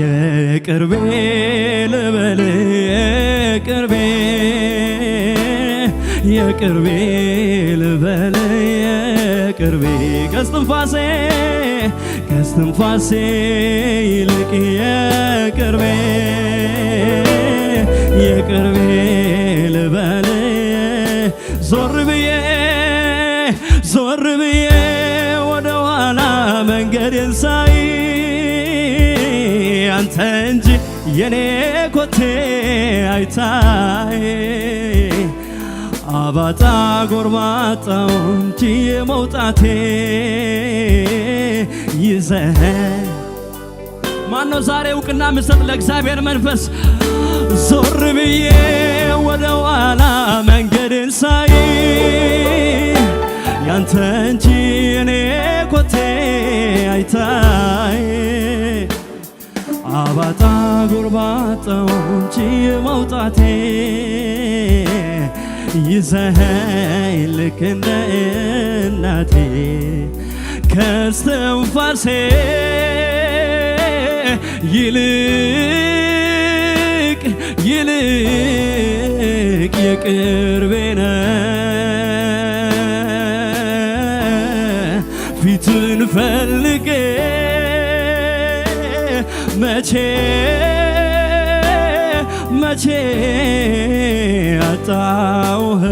የቅርቤ ልበል የቅርቤ የቅርቤ ልበል የቅርቤ ከስትንፋሴ ከስትንፋሴ ይልቅ የቅርቤ የቅርቤ ልበል ዞር ብዬ ዞር ብዬ መንገድ ያንተ እንጂ የኔ ኮቴ አይታይ አባጣ ጎርባጣውን ችዬ መውጣቴ ይዘህ ማነው ዛሬ እውቅና ምሰጥ ለእግዚአብሔር መንፈስ ዞር ብዬ ወደ ኋላ መንገድን ሳይ ያንተ እንጂ እኔ ኮቴ አይታይ አባጣ ጎርባጣውን ችዬ መውጣቴ ይዘኸኝ ልክ እንደ እናቴ ከእስትንፋሴ ይልቅ ይልቅ የቅርቤ ነህ ያጣውህ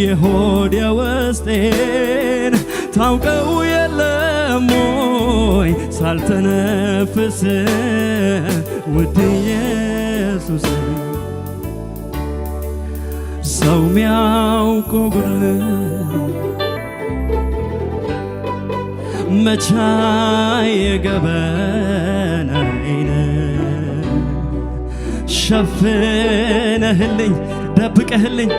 የሆዴ ውስጤን ታውቀው የለም ወይ ሳልተነፍስ ውድ ኢየሱስ ሰው ሚያውቆ ጉድ መቻ የገበናይነ ሸፍነህልኝ ደብቀህልኝ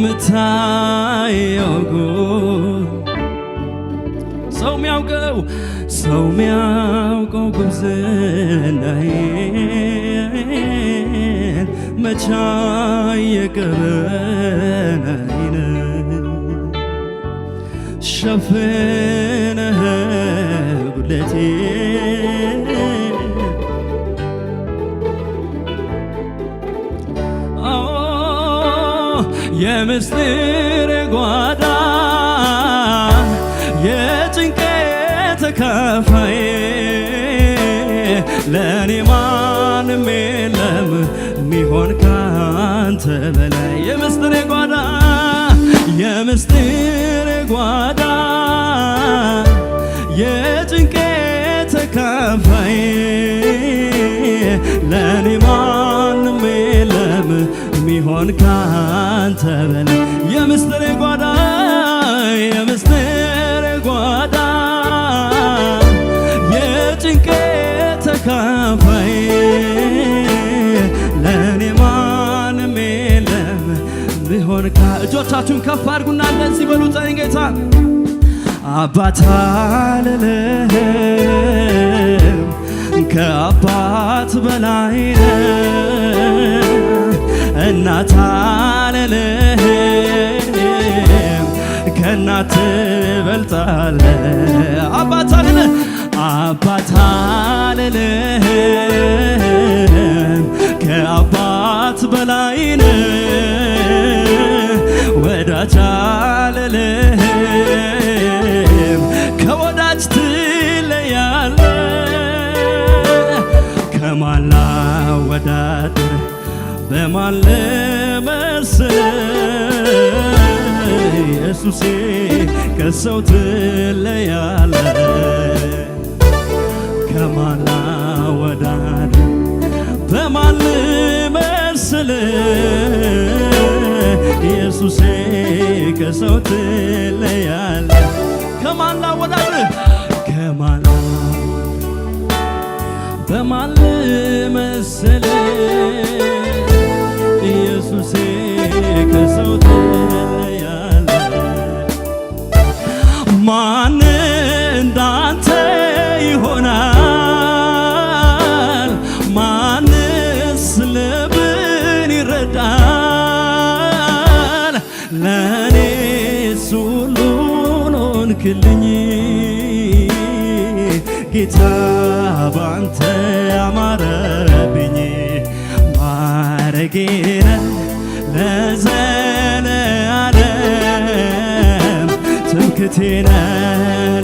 ምታየው ሰው ሚያውቀው ሰው ሚያውቀው ጉብዝናዬን መቻ የቀረናይነ ሸፍነህ ጉድለቴ የምስጢር ጓዳ የጭንቀት ተካፋይ ለእኔ ማንም የለም ሚሆን ካንተ በላይ ሆን ካንተ በላይ የምስጢሬ ጓዳ የምስጢሬ ጓዳ የጭንቄ ተካፋይ ለእኔ ማንም የለም ቢሆን እጆቻችሁን ከፍ አድርጉና እንደዚህ በሉ ጠኝ ጌታ አባት አልልህም ከአባት በላይ እናት አልልህም ከእናት ትበልጣለህ። አባት አልልህ አባት አልልህም ከአባት በላይ ነህ። ወዳጅ አልልህም ከወዳጅ ትለያለህ። ከማላ ወዳድ በማን ልመስል ኢየሱሴ ከሰው ትለያለ ከማን ላወዳድ በማን ልመስል ኢየሱሴ ከሰው ትለያለ ከማን ላወዳድ ከማን በማን ልመስል ከሰው ተለያለ ማን እንዳንተ ይሆናል? ማንስ ልብን ይረዳል? ለእኔስ ሁሉን ሆንክልኝ ጌታ ባንተ ያማረብኝ ማረጌነ ለዘ ምልክቴነ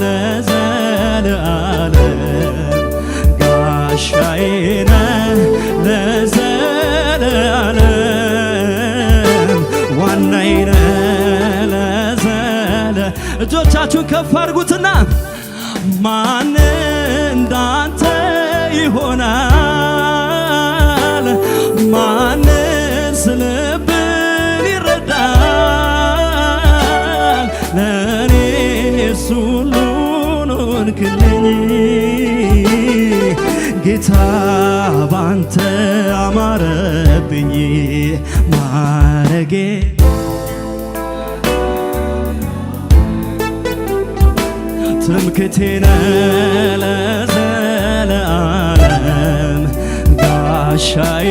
ለዘለዓለም ጋሻዬነ ለዘለዓለም ዋናዬነ ለዘለ እጆቻችሁን ከፍ አድርጉትና ጌታ ባንተ አማረብኝ ማረጌ ትምክቴነ ለዘለዓለም ጋሻዬ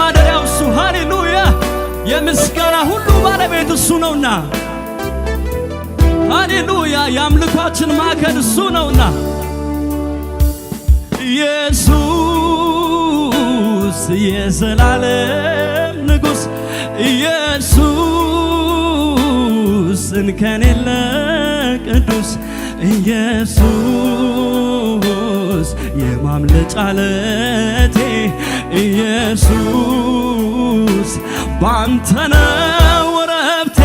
ማደሪያው እሱ ሃሌሉያ የምስጋና ሁሉ ባለቤት እሱ ነውና ሃሌሉያ የአምልኳችን ማዕከል እሱ ነውና ኢየሱስ የዘላለም ንጉሥ ኢየሱስ እንከን የለ ቅዱስ ኢየሱስ የማምለጫ ለቴ ኢየሱስ ባንተ ነው ረብቴ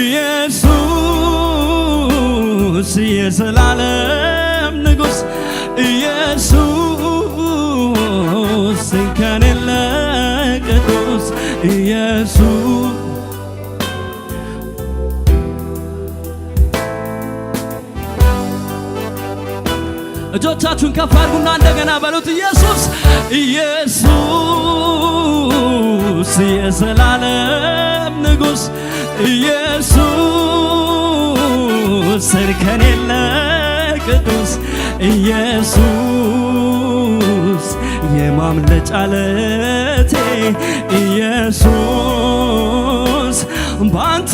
ኢየሱስ የዘላለም ንጉሥ ኢየሱስ እንከኔለ ቅዱስ ኢየሱስ እጆቻችሁን ከፍ አድርጉና እንደገና በሉት ኢየሱስ ኢየሱስ የዘላለም ንጉሥ ኢየሱስ ስርከን የለ ቅዱስ ኢየሱስ የማምለጫ ለቴ ኢየሱስ ባንተ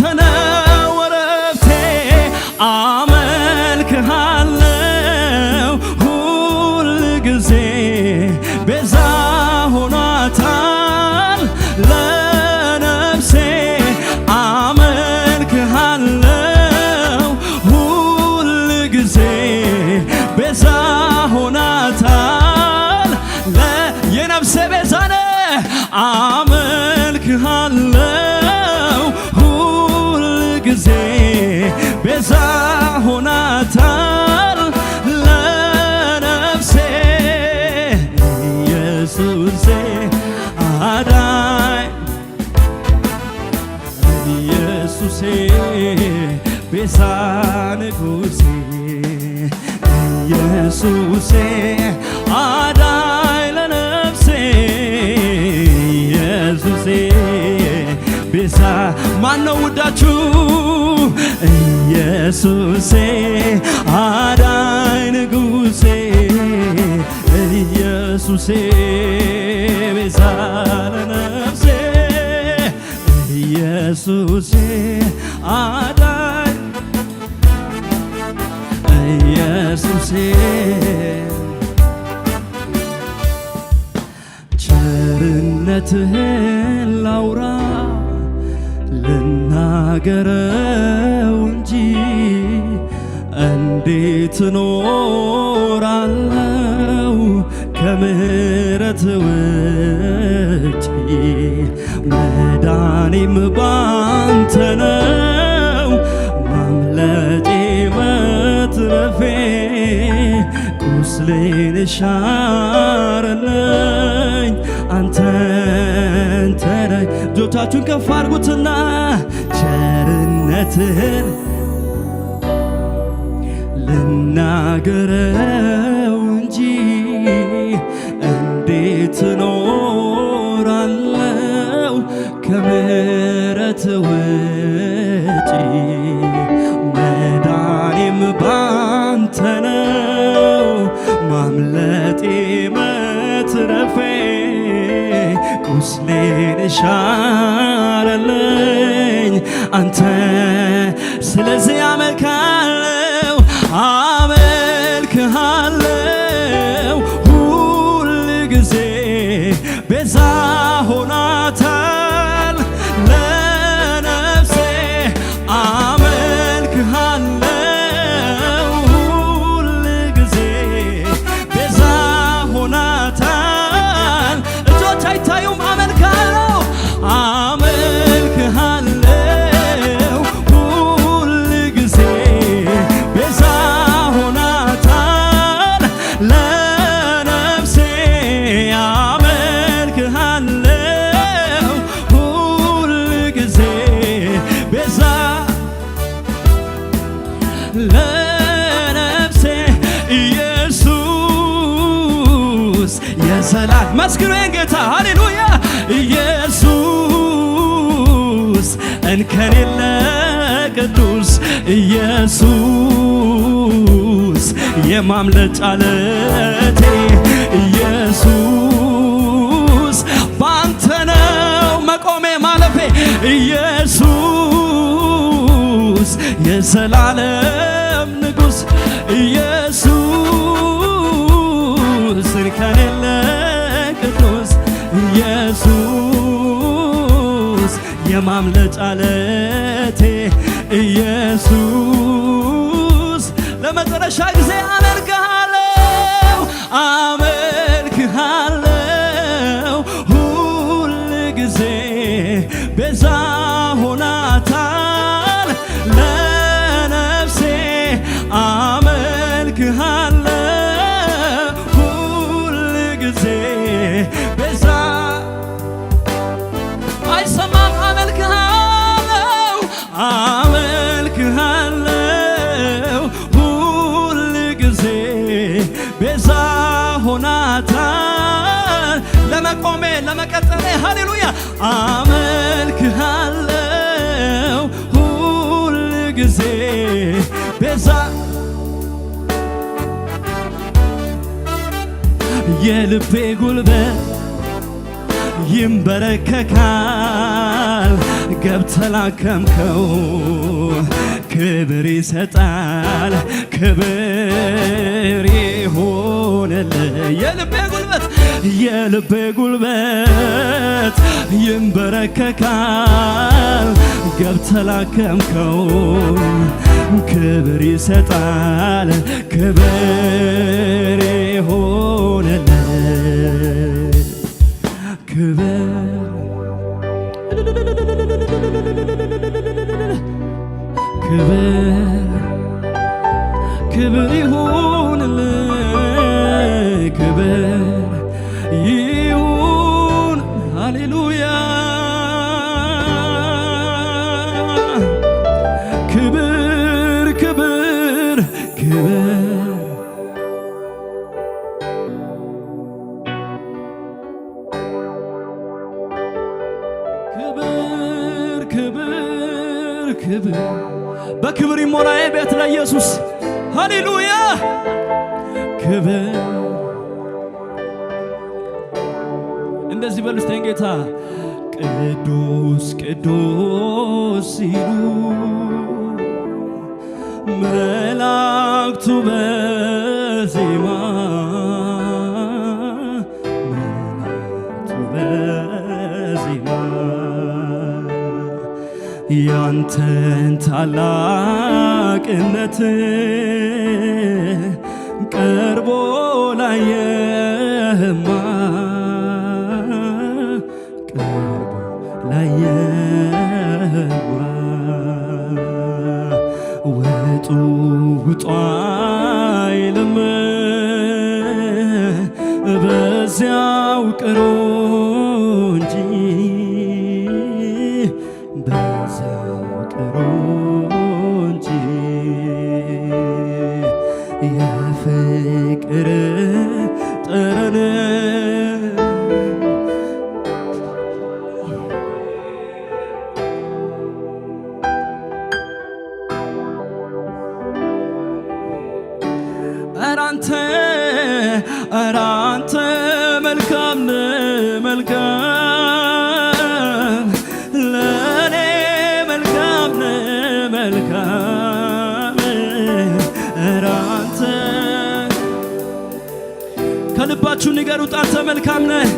啊。ነው ውዳችሁ ኢየሱሴ አዳኝ ንጉሴ ኢየሱሴ ቤዛ ለነፍሴ ኢየሱሴ አዳኝ ኢየሱሴ ቸርነትህን ላውራ ተናገረው እንጂ እንዴት ኖራለው ከምህረት ውጪ? መዳኔም ባንተ ነው ማምለጤ መትረፌ ቁስሌን ሻረለው እጆቻችሁን ከፍ አድርጉትና ቸርነትህን ልናገረው እንጂ እንዴት ከምረት ከምሕረት የተሻለልኝ አንተ ስለዚህ እንከን የለ ቅዱስ ኢየሱስ የማምለጫ አለቴ ኢየሱስ ባንተ ነው መቆሜ ማለፌ ኢየሱስ የዘላለ የማምለጫ ለቴ ኢየሱስ የልቤ ጉልበት ይንበረከካል። ገብተላከምከው ክብር ይሰጣል። ክብር ይሆነል የልቤ ጉልበት የልቤ ጉልበት ይንበረከካል። ገብተላከምከው ክብር ይሰጣል። ክብር ክብር ክብር ክብር በክብር ይሞላዬ ቤት ኢየሱስ ሃሌሉያ ክብር እንደዚህ በልስተኝ ጌታ ቅዱስ ቅዱስ ሲሉ መላእክቱ በዜማ ያንተን ታላቅነት ኧረ አንተ መልካም መልካም ለእኔ መልካም መልካም ኧረ አንተ ከልባችሁ ንገሩት አንተ መልካም ነህ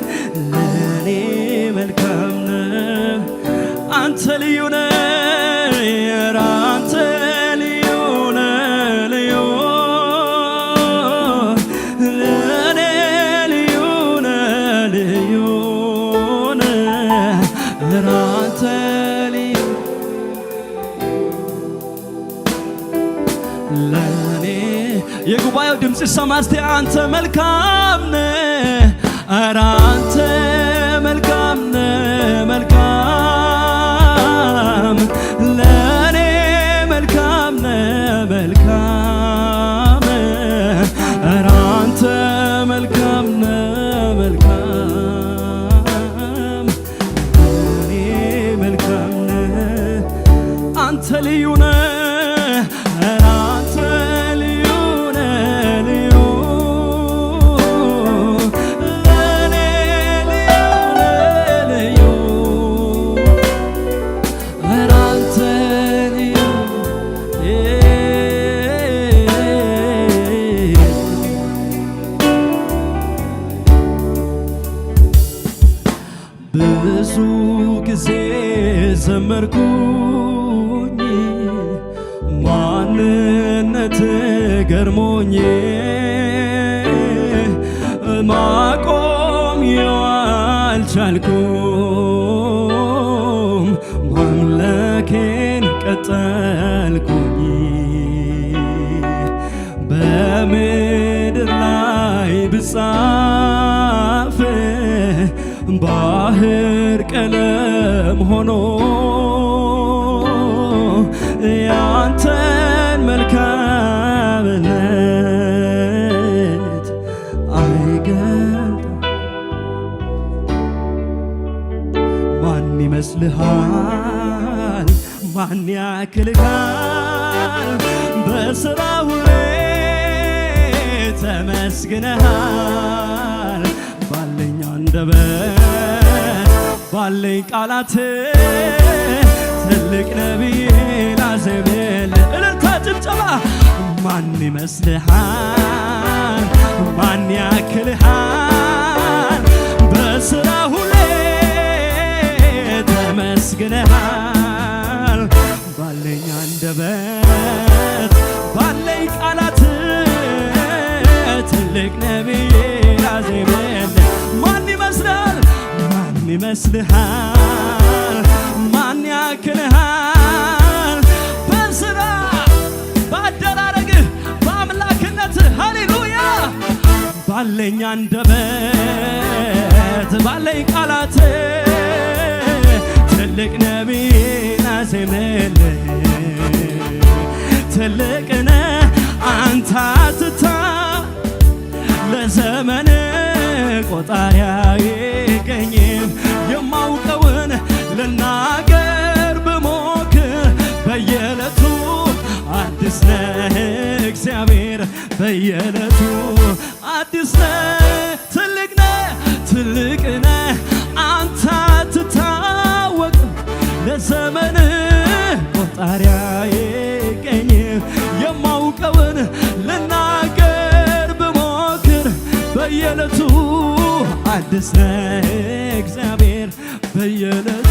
ስሰማ እስቲ አንተ መልካም ነህ፣ ኧረ አንተ መልካም ነህ፣ መልካም ለእኔ መልካም ነህ፣ መልካም ኧረ አንተ መልካም ነህ፣ መልካም ለእኔ መልካም ነህ፣ አንተ ልዩ ነህ እውነት ገርሞኝ ማቆም አልቻልኩም ማምለኬን ቀጠልኩኝ በምድር ላይ ብጻፍ ባህር ቀለም ሆኖ ይመስልሃል ማን ያክልሃል በስራ ውሌ ተመስግነሃል ባለኝ አንደበት ባለኝ ቃላት ትልቅ ላዘብል እልልታ ጭብጨባ ማን ይመስልሃል ማን ያክልሃል በስራ ሁሌ አመስግነሃል ባለኝ አንደበት ባለኝ ቃላት ትልቅ ነብዬ አዜበለ ማን ይመስላል ማን ይመስልሃል ማን ያክልሃል በስራ በአደራረግህ በአምላክነት ሃሌሉያ ባለኝ አንደበት ባለኝ ቃላት ትልቅ ነቢን አዜመል ትልቅ ነህ አንተ አትታ ለዘመን ቆጣሪ አይገኝም። የማውቀውን ልናገር ብሞክር በየዕለቱ አዲስ ነህ እግዚአብሔር በየዕለቱ ፈጣሪያዬ ቀኝ የማውቀውን ልናገር ብሞክር በየዕለቱ አዲስ ነህ እግዚአብሔር በየዕለቱ